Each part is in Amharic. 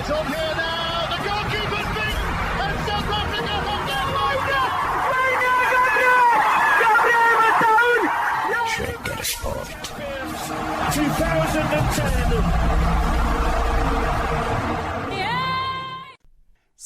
is on here.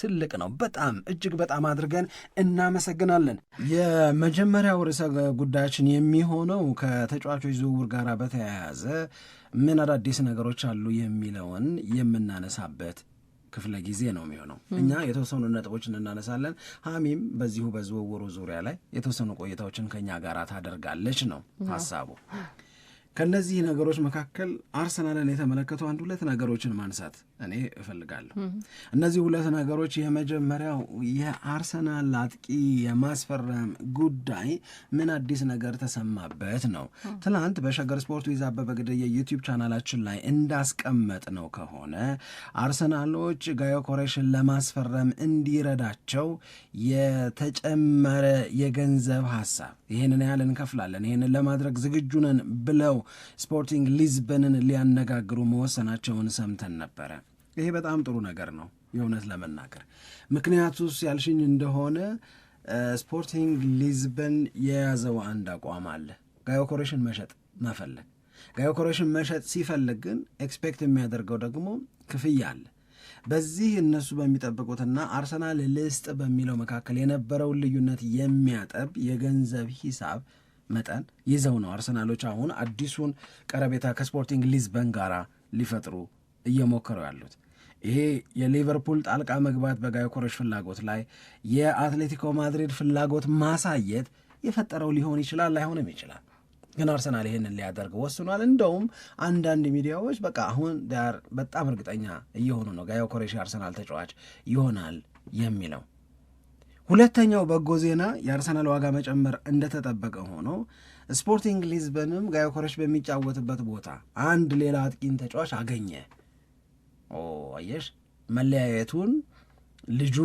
ትልቅ ነው። በጣም እጅግ በጣም አድርገን እናመሰግናለን። የመጀመሪያው ርዕሰ ጉዳያችን የሚሆነው ከተጫዋቾች ዝውውር ጋር በተያያዘ ምን አዳዲስ ነገሮች አሉ የሚለውን የምናነሳበት ክፍለ ጊዜ ነው የሚሆነው። እኛ የተወሰኑ ነጥቦችን እናነሳለን። ሀሚም በዚሁ በዝውውሩ ዙሪያ ላይ የተወሰኑ ቆይታዎችን ከእኛ ጋር ታደርጋለች ነው ሀሳቡ። ከእነዚህ ነገሮች መካከል አርሰናልን የተመለከቱ አንድ ሁለት ነገሮችን ማንሳት እኔ እፈልጋለሁ። እነዚህ ሁለት ነገሮች የመጀመሪያው የአርሰናል አጥቂ የማስፈረም ጉዳይ ምን አዲስ ነገር ተሰማበት ነው። ትናንት በሸገር ስፖርት ዊዝ አበበ ግደይ የዩቲዩብ ቻናላችን ላይ እንዳስቀመጥ ነው ከሆነ አርሰናሎች ጋዮ ኮሬሽን ለማስፈረም እንዲረዳቸው የተጨመረ የገንዘብ ሀሳብ ይህንን ያህል እንከፍላለን፣ ይህንን ለማድረግ ዝግጁ ነን ብለው ስፖርቲንግ ሊዝበንን ሊያነጋግሩ መወሰናቸውን ሰምተን ነበረ። ይሄ በጣም ጥሩ ነገር ነው የእውነት ለመናገር ምክንያቱስ ያልሽኝ እንደሆነ ስፖርቲንግ ሊዝበን የያዘው አንድ አቋም አለ ጋዮ ኮሬሽን መሸጥ መፈለግ ጋዮ ኮሬሽን መሸጥ ሲፈልግ ግን ኤክስፔክት የሚያደርገው ደግሞ ክፍያ አለ በዚህ እነሱ በሚጠብቁትና አርሰናል ልስጥ በሚለው መካከል የነበረውን ልዩነት የሚያጠብ የገንዘብ ሂሳብ መጠን ይዘው ነው አርሰናሎች አሁን አዲሱን ቀረቤታ ከስፖርቲንግ ሊዝበን ጋራ ሊፈጥሩ እየሞከሩ ያሉት ይሄ የሊቨርፑል ጣልቃ መግባት በጋዮ ኮሮች ፍላጎት ላይ የአትሌቲኮ ማድሪድ ፍላጎት ማሳየት የፈጠረው ሊሆን ይችላል፣ ላይሆንም ይችላል። ግን አርሰናል ይህንን ሊያደርግ ወስኗል። እንደውም አንዳንድ ሚዲያዎች በቃ አሁን ዳር በጣም እርግጠኛ እየሆኑ ነው ጋዮ ኮሬሽ የአርሰናል ተጫዋች ይሆናል የሚለው። ሁለተኛው በጎ ዜና የአርሰናል ዋጋ መጨመር እንደተጠበቀ ሆኖ ስፖርቲንግ ሊዝበንም ጋዮ ኮሬሽ በሚጫወትበት ቦታ አንድ ሌላ አጥቂን ተጫዋች አገኘ። አየሽ መለያየቱን ልጁ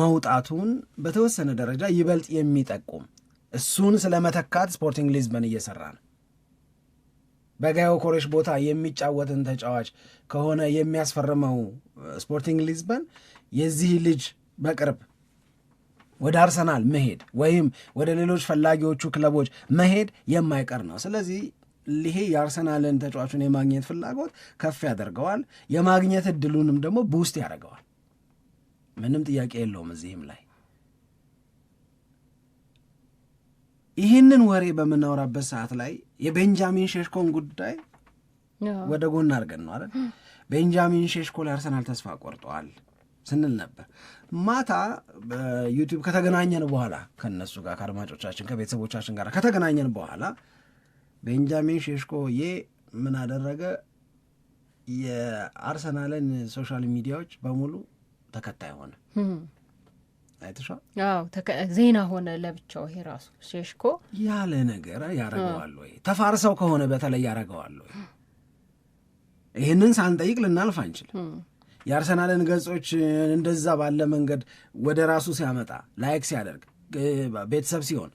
መውጣቱን በተወሰነ ደረጃ ይበልጥ የሚጠቁም እሱን ስለ መተካት ስፖርቲንግ ሊዝበን እየሰራ ነው። በጋዮ ኮሬሽ ቦታ የሚጫወትን ተጫዋች ከሆነ የሚያስፈርመው ስፖርቲንግ ሊዝበን የዚህ ልጅ በቅርብ ወደ አርሰናል መሄድ ወይም ወደ ሌሎች ፈላጊዎቹ ክለቦች መሄድ የማይቀር ነው። ስለዚህ ይሄ የአርሰናልን ተጫዋቹን የማግኘት ፍላጎት ከፍ ያደርገዋል። የማግኘት እድሉንም ደግሞ ቡስት ያደርገዋል። ምንም ጥያቄ የለውም እዚህም ላይ ይህንን ወሬ በምናወራበት ሰዓት ላይ የቤንጃሚን ሼሽኮን ጉዳይ ወደ ጎን አድርገን ነው አይደል? ቤንጃሚን ሼሽኮ ለአርሰናል ተስፋ ቆርጠዋል ስንል ነበር። ማታ በዩቲዩብ ከተገናኘን በኋላ ከነሱ ጋር ከአድማጮቻችን ከቤተሰቦቻችን ጋር ከተገናኘን በኋላ ቤንጃሚን ዬ ምን አደረገ? የአርሰናልን ሶሻል ሚዲያዎች በሙሉ ተከታይ ሆነ። አይተሻል? ዜና ሆነ ለብቻው። ይሄ ራሱ ሼሽኮ ያለ ነገር ያረገዋል ወይ? ተፋርሰው ከሆነ በተለይ ያረገዋል ወይ? ይህንን ሳንጠይቅ ልናልፍ አንችልም። የአርሰናልን ገጾች እንደዛ ባለ መንገድ ወደ ራሱ ሲያመጣ ላይክ ሲያደርግ ቤተሰብ ሲሆን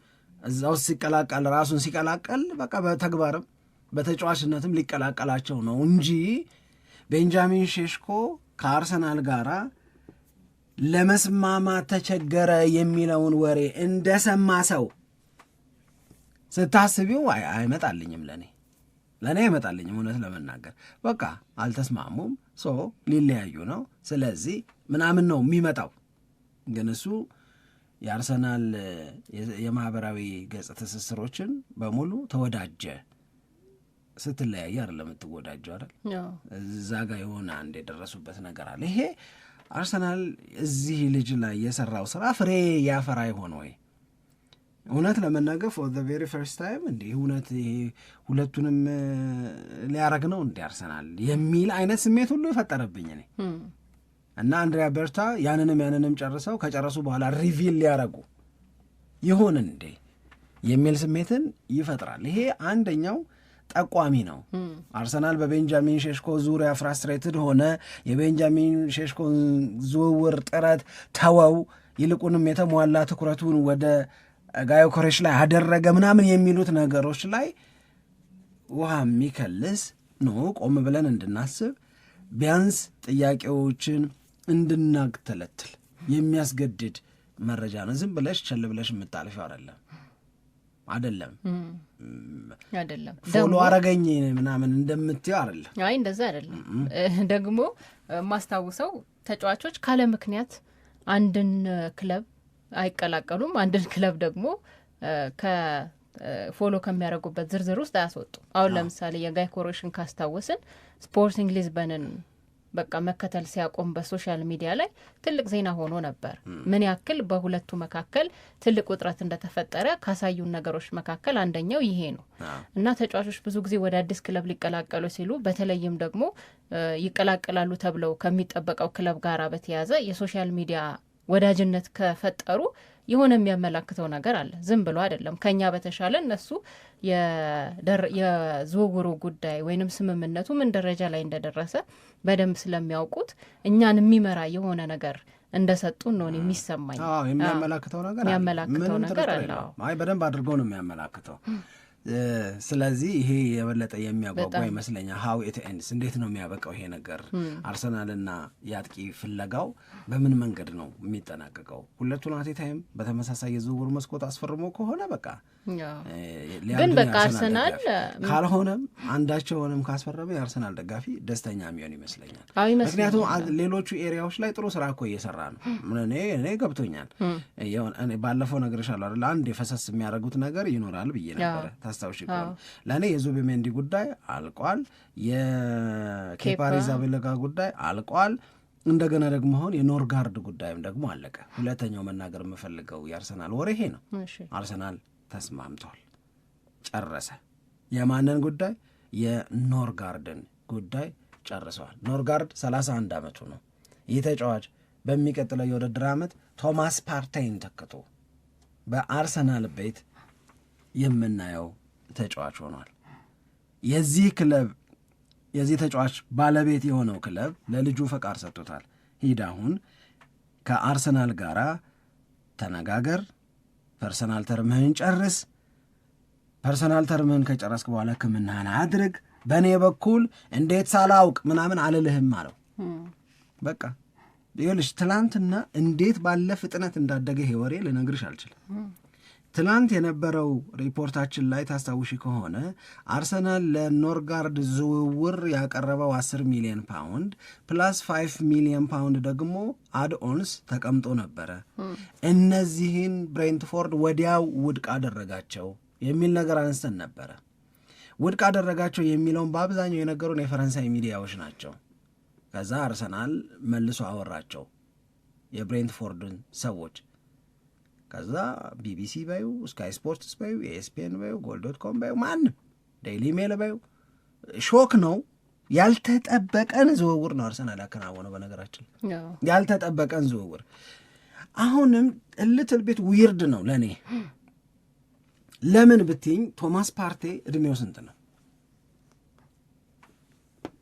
እዛው ሲቀላቀል ራሱን ሲቀላቀል በቃ በተግባርም በተጫዋችነትም ሊቀላቀላቸው ነው እንጂ ቤንጃሚን ሼሽኮ ከአርሰናል ጋር ለመስማማት ተቸገረ የሚለውን ወሬ እንደሰማ ሰው ስታስቢው አይመጣልኝም። ለእኔ ለእኔ አይመጣልኝም። እውነት ለመናገር በቃ አልተስማሙም፣ ሶ ሊለያዩ ነው፣ ስለዚህ ምናምን ነው የሚመጣው ግን እሱ የአርሰናል የማህበራዊ ገጽ ትስስሮችን በሙሉ ተወዳጀ። ስትለያየ አይደለም የምትወዳጀው አይደል? እዛ ጋ የሆነ አንድ የደረሱበት ነገር አለ። ይሄ አርሰናል እዚህ ልጅ ላይ የሰራው ስራ ፍሬ ያፈራ ይሆን ወይ? እውነት ለመናገር ፎር ዘ ቬሪ ፈርስት ታይም እንዲህ እውነት ይሄ ሁለቱንም ሊያረግ ነው እንዲ አርሰናል የሚል አይነት ስሜት ሁሉ የፈጠረብኝ እኔ እና አንድሪያ በርታ ያንንም ያንንም ጨርሰው ከጨረሱ በኋላ ሪቪል ሊያረጉ ይሁን እንዴ የሚል ስሜትን ይፈጥራል። ይሄ አንደኛው ጠቋሚ ነው። አርሰናል በቤንጃሚን ሼሽኮ ዙሪያ ፍራስትሬትድ ሆነ። የቤንጃሚን ሼሽኮን ዝውውር ጥረት ተወው፣ ይልቁንም የተሟላ ትኩረቱን ወደ ጋዮ ኮሬሽ ላይ አደረገ ምናምን የሚሉት ነገሮች ላይ ውሃ የሚከልስ ኖ ቆም ብለን እንድናስብ ቢያንስ ጥያቄዎችን እንድናግተለትል የሚያስገድድ መረጃ ነው። ዝም ብለሽ ቸል ብለሽ የምታልፊው አይደለም አይደለም አይደለም። ፎሎ አረገኝ ምናምን እንደምትይው አይደለም። አይ እንደዛ አይደለም። ደግሞ ማስታውሰው ተጫዋቾች ካለ ምክንያት አንድን ክለብ አይቀላቀሉም። አንድን ክለብ ደግሞ ከፎሎ ከሚያደርጉበት ዝርዝር ውስጥ አያስወጡም። አሁን ለምሳሌ የጋይ ኮሮሽን ካስታወስን ስፖርቲንግ ሊዝበንን በቃ መከተል ሲያቆም በሶሻል ሚዲያ ላይ ትልቅ ዜና ሆኖ ነበር። ምን ያክል በሁለቱ መካከል ትልቅ ውጥረት እንደተፈጠረ ካሳዩን ነገሮች መካከል አንደኛው ይሄ ነው እና ተጫዋቾች ብዙ ጊዜ ወደ አዲስ ክለብ ሊቀላቀሉ ሲሉ በተለይም ደግሞ ይቀላቀላሉ ተብለው ከሚጠበቀው ክለብ ጋር በተያያዘ የሶሻል ሚዲያ ወዳጅነት ከፈጠሩ የሆነ የሚያመላክተው ነገር አለ። ዝም ብሎ አይደለም። ከኛ በተሻለ እነሱ የዝውውሩ ጉዳይ ወይንም ስምምነቱ ምን ደረጃ ላይ እንደደረሰ በደንብ ስለሚያውቁት እኛን የሚመራ የሆነ ነገር እንደሰጡን ነው የሚሰማኝ። የሚያመላክተው ነገር አለ። አይ በደንብ አድርገው ነው የሚያመላክተው ስለዚህ ይሄ የበለጠ የሚያጓጓ ይመስለኛል። ሀው ኢት ኤንድስ እንዴት ነው የሚያበቃው ይሄ ነገር? አርሰናልና የአጥቂ ፍለጋው በምን መንገድ ነው የሚጠናቀቀው? ሁለቱን አቴታይም በተመሳሳይ የዝውውር መስኮት አስፈርሞ ከሆነ በቃ ግን በቃ አርሰናል ካልሆነም አንዳቸውንም ካስፈረመ የአርሰናል ደጋፊ ደስተኛ የሚሆን ይመስለኛል። ምክንያቱም ሌሎቹ ኤሪያዎች ላይ ጥሩ ስራ እኮ እየሰራ ነው። እኔ እኔ ገብቶኛል። ባለፈው ነግሬሻለሁ አይደል? አንድ የፈሰስ የሚያደርጉት ነገር ይኖራል ብዬ ነበረ። ታስታውሽ ከሆነ ለእኔ የዙቢሜንዲ ጉዳይ አልቋል። የኬፓሪዛቤለጋ ጉዳይ አልቋል። እንደገና ደግሞ አሁን የኖርጋርድ ጉዳይም ደግሞ አለቀ። ሁለተኛው መናገር የምፈልገው የአርሰናል ወሬ ይሄ ነው። አርሰናል ተስማምቷል። ጨረሰ። የማንን ጉዳይ? የኖርጋርድን ጉዳይ ጨርሰዋል። ኖርጋርድ 31 ዓመቱ ነው። ይህ ተጫዋች በሚቀጥለው የውድድር ዓመት ቶማስ ፓርቴይን ተክቶ በአርሰናል ቤት የምናየው ተጫዋች ሆኗል። የዚህ ክለብ የዚህ ተጫዋች ባለቤት የሆነው ክለብ ለልጁ ፈቃድ ሰጥቶታል። ሂድ አሁን ከአርሰናል ጋር ተነጋገር ፐርሰናል ተርምህን ጨርስ። ፐርሰናል ተርምህን ከጨረስክ በኋላ ሕክምናህን አድርግ። በእኔ በኩል እንዴት ሳላውቅ ምናምን አልልህም አለው። በቃ ይኸውልሽ ትላንትና እንዴት ባለ ፍጥነት እንዳደገ ይሄ ወሬ ልነግርሽ አልችልም። ትላንት የነበረው ሪፖርታችን ላይ ታስታውሺ ከሆነ አርሰናል ለኖርጋርድ ዝውውር ያቀረበው 10 ሚሊዮን ፓውንድ ፕላስ 5 ሚሊዮን ፓውንድ ደግሞ አድኦንስ ተቀምጦ ነበረ። እነዚህን ብሬንትፎርድ ወዲያው ውድቅ አደረጋቸው የሚል ነገር አንስተን ነበረ። ውድቅ አደረጋቸው የሚለውን በአብዛኛው የነገሩን የፈረንሳይ ሚዲያዎች ናቸው። ከዛ አርሰናል መልሶ አወራቸው የብሬንትፎርድን ሰዎች ከዛ ቢቢሲ በዩ ስካይ ስፖርትስ በዩ ኤስፒን በዩ ጎል ዶት ኮም በዩ ማንም ዴይሊ ሜል በዩ ሾክ ነው። ያልተጠበቀን ዝውውር ነው አርሰናል ያከናወነው። በነገራችን ያልተጠበቀን ዝውውር አሁንም እልትል ቤት ዊርድ ነው ለእኔ። ለምን ብትኝ ቶማስ ፓርቴ እድሜው ስንት ነው?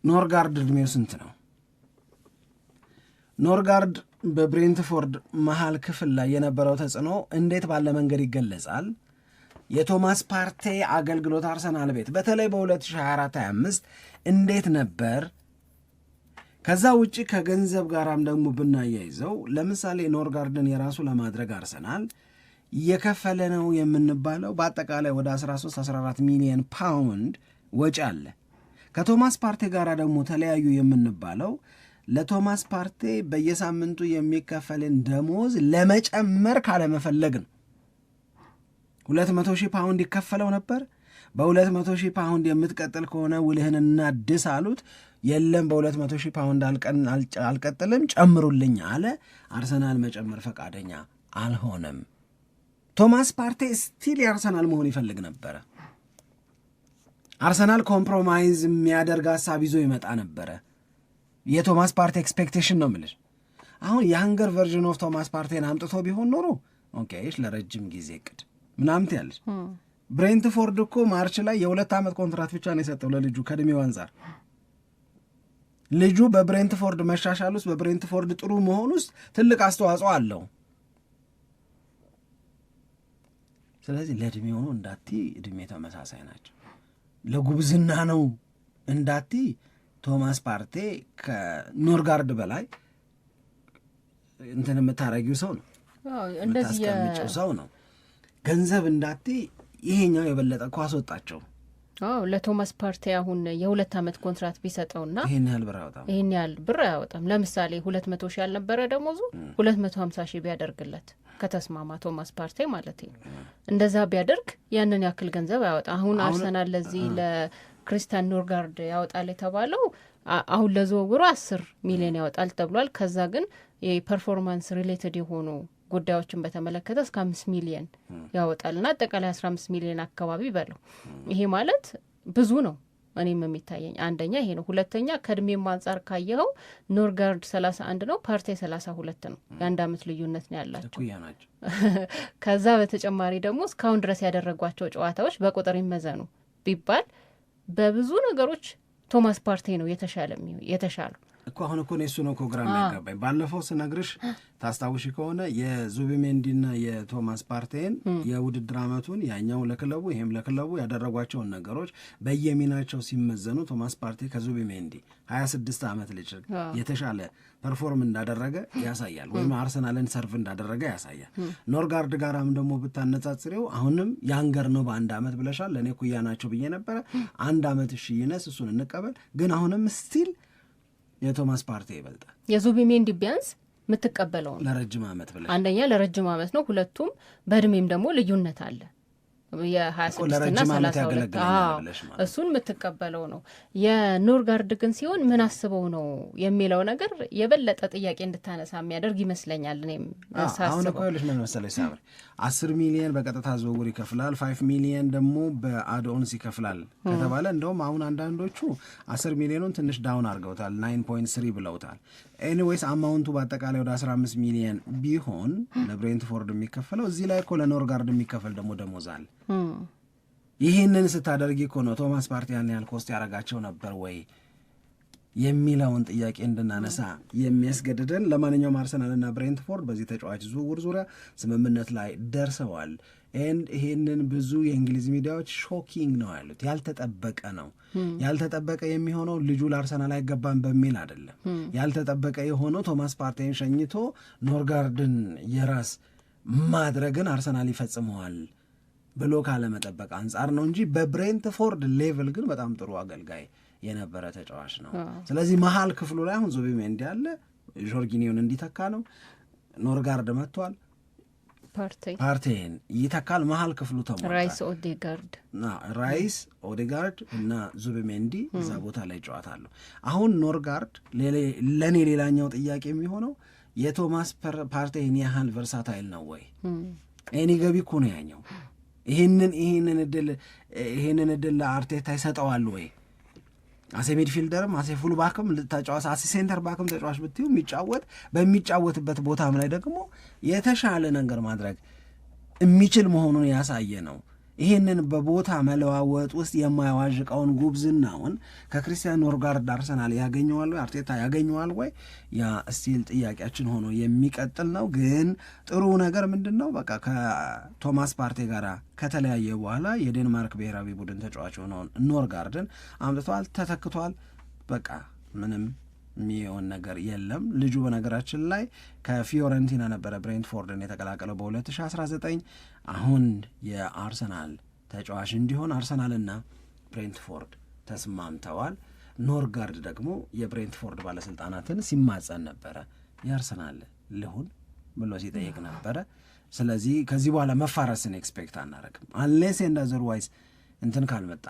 ኖርጋርድ እድሜው ስንት ነው? ኖርጋርድ በብሬንትፎርድ መሀል ክፍል ላይ የነበረው ተጽዕኖ እንዴት ባለ መንገድ ይገለጻል? የቶማስ ፓርቴ አገልግሎት አርሰናል ቤት በተለይ በ2024/25 እንዴት ነበር? ከዛ ውጭ ከገንዘብ ጋራም ደግሞ ብናያይዘው ለምሳሌ ኖርጋርድን የራሱ ለማድረግ አርሰናል የከፈለ ነው የምንባለው በአጠቃላይ ወደ 1314 ሚሊዮን ፓውንድ ወጪ አለ። ከቶማስ ፓርቴ ጋር ደግሞ ተለያዩ የምንባለው ለቶማስ ፓርቴ በየሳምንቱ የሚከፈልን ደሞዝ ለመጨመር ካለመፈለግ ነው። ሁለት መቶ ሺህ ፓውንድ ይከፈለው ነበር። በሁለት መቶ ሺህ ፓውንድ የምትቀጥል ከሆነ ውልህን እናድስ አሉት። የለም በሁለት መቶ ሺህ ፓውንድ አልቀጥልም ጨምሩልኝ አለ። አርሰናል መጨመር ፈቃደኛ አልሆነም። ቶማስ ፓርቴ ስቲል የአርሰናል መሆን ይፈልግ ነበረ። አርሰናል ኮምፕሮማይዝ የሚያደርግ ሀሳብ ይዞ ይመጣ ነበረ። የቶማስ ፓርቴ ኤክስፔክቴሽን ነው የምልሽ። አሁን የሀንገር ቨርዥን ኦፍ ቶማስ ፓርቴን አምጥቶ ቢሆን ኖሮ ኦኬ፣ ለረጅም ጊዜ እቅድ ምናምን ትያለሽ። ብሬንትፎርድ እኮ ማርች ላይ የሁለት ዓመት ኮንትራት ብቻ ነው የሰጠው ለልጁ ከእድሜው አንጻር ልጁ በብሬንትፎርድ መሻሻል ውስጥ በብሬንትፎርድ ጥሩ መሆን ውስጥ ትልቅ አስተዋጽኦ አለው። ስለዚህ ለእድሜ ሆኖ እንዳቲ እድሜ ተመሳሳይ ናቸው። ለጉብዝና ነው እንዳቲ ቶማስ ፓርቴ ከኖርጋርድ በላይ እንትን የምታረጊው ሰው ነው፣ ሰው ነው። ገንዘብ እንዳቴ ይሄኛው የበለጠ ኳስ ወጣቸው። አዎ ለቶማስ ፓርቴ አሁን የሁለት ዓመት ኮንትራት ቢሰጠውና ይህን ያህል ብር አያወጣም፣ ይህን ያህል ብር አያወጣም። ለምሳሌ ሁለት መቶ ሺህ ያልነበረ ደሞዙ ሁለት መቶ ሀምሳ ሺህ ቢያደርግለት ከተስማማ ቶማስ ፓርቴ ማለት ነው። እንደዛ ቢያደርግ ያንን ያክል ገንዘብ አያወጣም። አሁን አርሰናል ለዚህ ክሪስቲያን ኖርጋርድ ያወጣል የተባለው አሁን ለዝውውሩ አስር ሚሊዮን ያወጣል ተብሏል። ከዛ ግን የፐርፎርማንስ ሪሌትድ የሆኑ ጉዳዮችን በተመለከተ እስከ አምስት ሚሊየን ያወጣል ያወጣልና አጠቃላይ አስራ አምስት ሚሊየን አካባቢ በለው። ይሄ ማለት ብዙ ነው። እኔም የሚታየኝ አንደኛ ይሄ ነው። ሁለተኛ ከእድሜም አንጻር ካየኸው ኖርጋርድ ሰላሳ አንድ ነው፣ ፓርቴ ሰላሳ ሁለት ነው። የአንድ አመት ልዩነት ነው ያላቸው። ከዛ በተጨማሪ ደግሞ እስካሁን ድረስ ያደረጓቸው ጨዋታዎች በቁጥር ይመዘኑ ቢባል በብዙ ነገሮች ቶማስ ፓርቴ ነው የተሻለ የተሻለው እኮ አሁን እኮ እሱ ነው እኮ ግራ ያጋባኝ ባለፈው ስነግርሽ ታስታውሽ ከሆነ የዙቢሜንዲና የቶማስ ፓርቴን የውድድር አመቱን ያኛው ለክለቡ ይሄም ለክለቡ ያደረጓቸውን ነገሮች በየሚናቸው ሲመዘኑ ቶማስ ፓርቴ ከዙቢሜንዲ ሀያ ስድስት ዓመት ልጅ የተሻለ ፐርፎርም እንዳደረገ ያሳያል፣ ወይም አርሰናልን ሰርቭ እንዳደረገ ያሳያል። ኖርጋርድ ጋራም ደግሞ ብታነጻጽሬው አሁንም ያንገር ነው በአንድ ዓመት ብለሻል። ለእኔ ኩያ ናቸው ብዬ ነበረ። አንድ ዓመት እሺ ይነስ እሱን እንቀበል። ግን አሁንም ስቲል የቶማስ ፓርቴ ይበልጣል። የዙቢሜንዲ ቢያንስ የምትቀበለው ነው ለረጅም ዓመት ብለ አንደኛ ለረጅም ዓመት ነው፣ ሁለቱም በእድሜም ደግሞ ልዩነት አለ። እሱን የምትቀበለው ነው። የኖርጋርድ ግን ሲሆን ምን አስበው ነው የሚለው ነገር የበለጠ ጥያቄ እንድታነሳ የሚያደርግ ይመስለኛል። እኔም አሁን እኮ ይኸውልሽ ምን መሰለሽ ሳምሪ አስር ሚሊየን በቀጥታ ዝውውር ይከፍላል፣ ፋይቭ ሚሊየን ደግሞ በአድኦንስ ይከፍላል ከተባለ እንደውም አሁን አንዳንዶቹ አስር ሚሊዮኑን ትንሽ ዳውን አድርገውታል፣ ናይን ፖይንት ስሪ ብለውታል። ኤኒዌይስ አማውንቱ በአጠቃላይ ወደ 15 ሚሊየን ቢሆን ለብሬንትፎርድ የሚከፈለው እዚህ ላይ እኮ ለኖርጋርድ የሚከፈል ደግሞ ደሞዝ አለ ይህንን ስታደርጊ እኮ ነው ቶማስ ፓርቲ ያን ያህል ኮስት ያደርጋቸው ነበር ወይ የሚለውን ጥያቄ እንድናነሳ የሚያስገድደን። ለማንኛውም አርሰናልና ብሬንትፎርድ በዚህ ተጫዋች ዝውውር ዙሪያ ስምምነት ላይ ደርሰዋል። ኤንድ ይህንን ብዙ የእንግሊዝ ሚዲያዎች ሾኪንግ ነው ያሉት። ያልተጠበቀ ነው። ያልተጠበቀ የሚሆነው ልጁ ለአርሰናል አይገባም በሚል አይደለም። ያልተጠበቀ የሆነው ቶማስ ፓርቴን ሸኝቶ ኖርጋርድን የራስ ማድረግን አርሰናል ይፈጽመዋል ብሎ ካለመጠበቅ አንጻር ነው እንጂ በብሬንትፎርድ ሌቭል ግን በጣም ጥሩ አገልጋይ የነበረ ተጫዋች ነው። ስለዚህ መሀል ክፍሉ ላይ አሁን ዙቢሜንዲ አለ፣ ጆርጊኒዮን እንዲተካ ነው። ኖርጋርድ መጥቷል፣ ፓርቴን ይተካል። መሀል ክፍሉ ተሞልቷል። ራይስ ኦዴጋርድ ራይስ ኦዴጋርድ እና ዙቢሜንዲ እዛ ቦታ ላይ ጨዋታ አለው። አሁን ኖርጋርድ ለእኔ ሌላኛው ጥያቄ የሚሆነው የቶማስ ፓርቴን ያህል ቨርሳታይል ነው ወይ? እኔ ገቢ እኮ ነው ያኛው ይሄንን ይሄንን እድል ይሄንን እድል አርቴታ ይሰጠዋል ወይ? አሴ ሚድፊልደርም አሴ ባክም ተጫዋች አሴ ሴንተር ባክም ተጫዋች ብትዩ የሚጫወት በሚጫወትበት ቦታም ላይ ደግሞ የተሻለ ነገር ማድረግ የሚችል መሆኑን ያሳየ ነው። ይህንን በቦታ መለዋወጥ ውስጥ የማይዋዥቀውን ጉብዝናውን ከክርስቲያን ኖርጋርድ አርሰናል ያገኘዋል ወይ? አርቴታ ያገኘዋል ወይ? ያ ስቲል ጥያቄያችን ሆኖ የሚቀጥል ነው። ግን ጥሩ ነገር ምንድን ነው? በቃ ከቶማስ ፓርቴ ጋር ከተለያየ በኋላ የዴንማርክ ብሔራዊ ቡድን ተጫዋች የሆነውን ኖርጋርድን አምጥቷል፣ ተተክቷል። በቃ ምንም የሚሆን ነገር የለም። ልጁ በነገራችን ላይ ከፊዮረንቲና ነበረ ብሬንትፎርድን የተቀላቀለው በ2019 አሁን የአርሰናል ተጫዋች እንዲሆን አርሰናልና ብሬንትፎርድ ተስማምተዋል። ኖርጋርድ ደግሞ የብሬንትፎርድ ባለስልጣናትን ሲማጸን ነበረ የአርሰናል ልሁን ብሎ ሲጠይቅ ነበረ። ስለዚህ ከዚህ በኋላ መፋረስን ኤክስፔክት አናረግም። አንሌስ እንደ አዘርዋይዝ እንትን ካልመጣ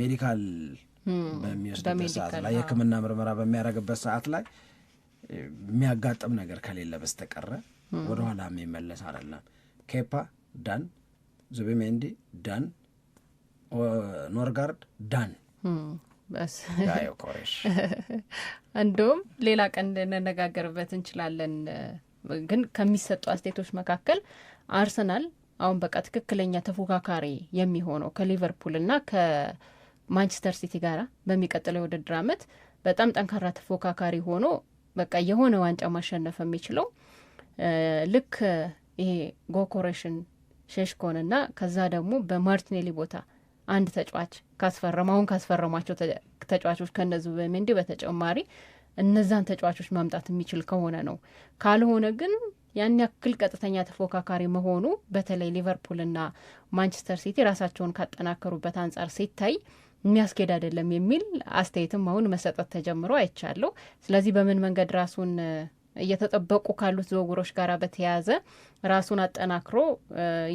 ሜዲካል በሚወስድበት ሰዓት ላይ የህክምና ምርመራ በሚያደርግበት ሰዓት ላይ የሚያጋጥም ነገር ከሌለ በስተቀረ ወደኋላ የሚመለስ አይደለም። ኬፓ ዳን፣ ዙቢሜንዲ ዳን፣ ኖርጋርድ ዳን ኮሬሽ እንዲሁም ሌላ ቀን ልንነጋገርበት እንችላለን። ግን ከሚሰጡ አስተያየቶች መካከል አርሰናል አሁን በቃ ትክክለኛ ተፎካካሪ የሚሆነው ከሊቨርፑልና ማንቸስተር ሲቲ ጋር በሚቀጥለው የውድድር ዓመት በጣም ጠንካራ ተፎካካሪ ሆኖ በቃ የሆነ ዋንጫ ማሸነፍ የሚችለው ልክ ይሄ ጎኮሬሽን ሼሽኮንና ከዛ ደግሞ በማርቲኔሊ ቦታ አንድ ተጫዋች ካስፈረም አሁን ካስፈረሟቸው ተጫዋቾች ከነዚህ በሜንዲ በተጨማሪ እነዛን ተጫዋቾች ማምጣት የሚችል ከሆነ ነው። ካልሆነ ግን ያን ያክል ቀጥተኛ ተፎካካሪ መሆኑ በተለይ ሊቨርፑልና ማንቸስተር ሲቲ ራሳቸውን ካጠናከሩበት አንጻር ሲታይ የሚያስኬድ አይደለም የሚል አስተያየትም አሁን መሰጠት ተጀምሮ አይቻለሁ። ስለዚህ በምን መንገድ ራሱን እየተጠበቁ ካሉት ዝውውሮች ጋር በተያያዘ ራሱን አጠናክሮ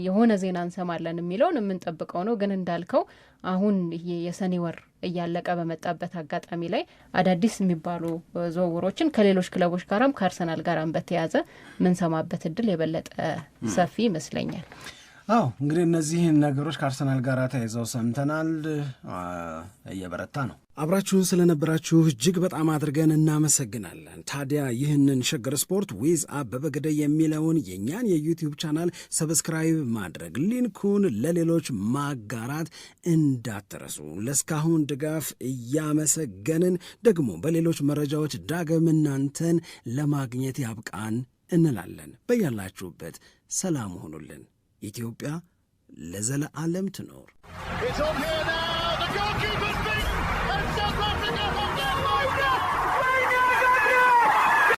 የሆነ ዜና እንሰማለን የሚለውን የምንጠብቀው ነው። ግን እንዳልከው አሁን የሰኔ ወር እያለቀ በመጣበት አጋጣሚ ላይ አዳዲስ የሚባሉ ዝውውሮችን ከሌሎች ክለቦች ጋራም ከአርሰናል ጋራም በተያያዘ ምንሰማበት እድል የበለጠ ሰፊ ይመስለኛል። አዎ እንግዲህ እነዚህን ነገሮች ከአርሰናል ጋር ተያይዘው ሰምተናል። እየበረታ ነው። አብራችሁን ስለነበራችሁ እጅግ በጣም አድርገን እናመሰግናለን። ታዲያ ይህንን ሸገር ስፖርት ዊዝ አበበ ግደይ የሚለውን የእኛን የዩቲዩብ ቻናል ሰብስክራይብ ማድረግ፣ ሊንኩን ለሌሎች ማጋራት እንዳትረሱ። ለእስካሁን ድጋፍ እያመሰገንን ደግሞ በሌሎች መረጃዎች ዳግም እናንተን ለማግኘት ያብቃን እንላለን። በያላችሁበት ሰላም ሆኑልን። ኢትዮጵያ ለዘለዓለም ትኖር።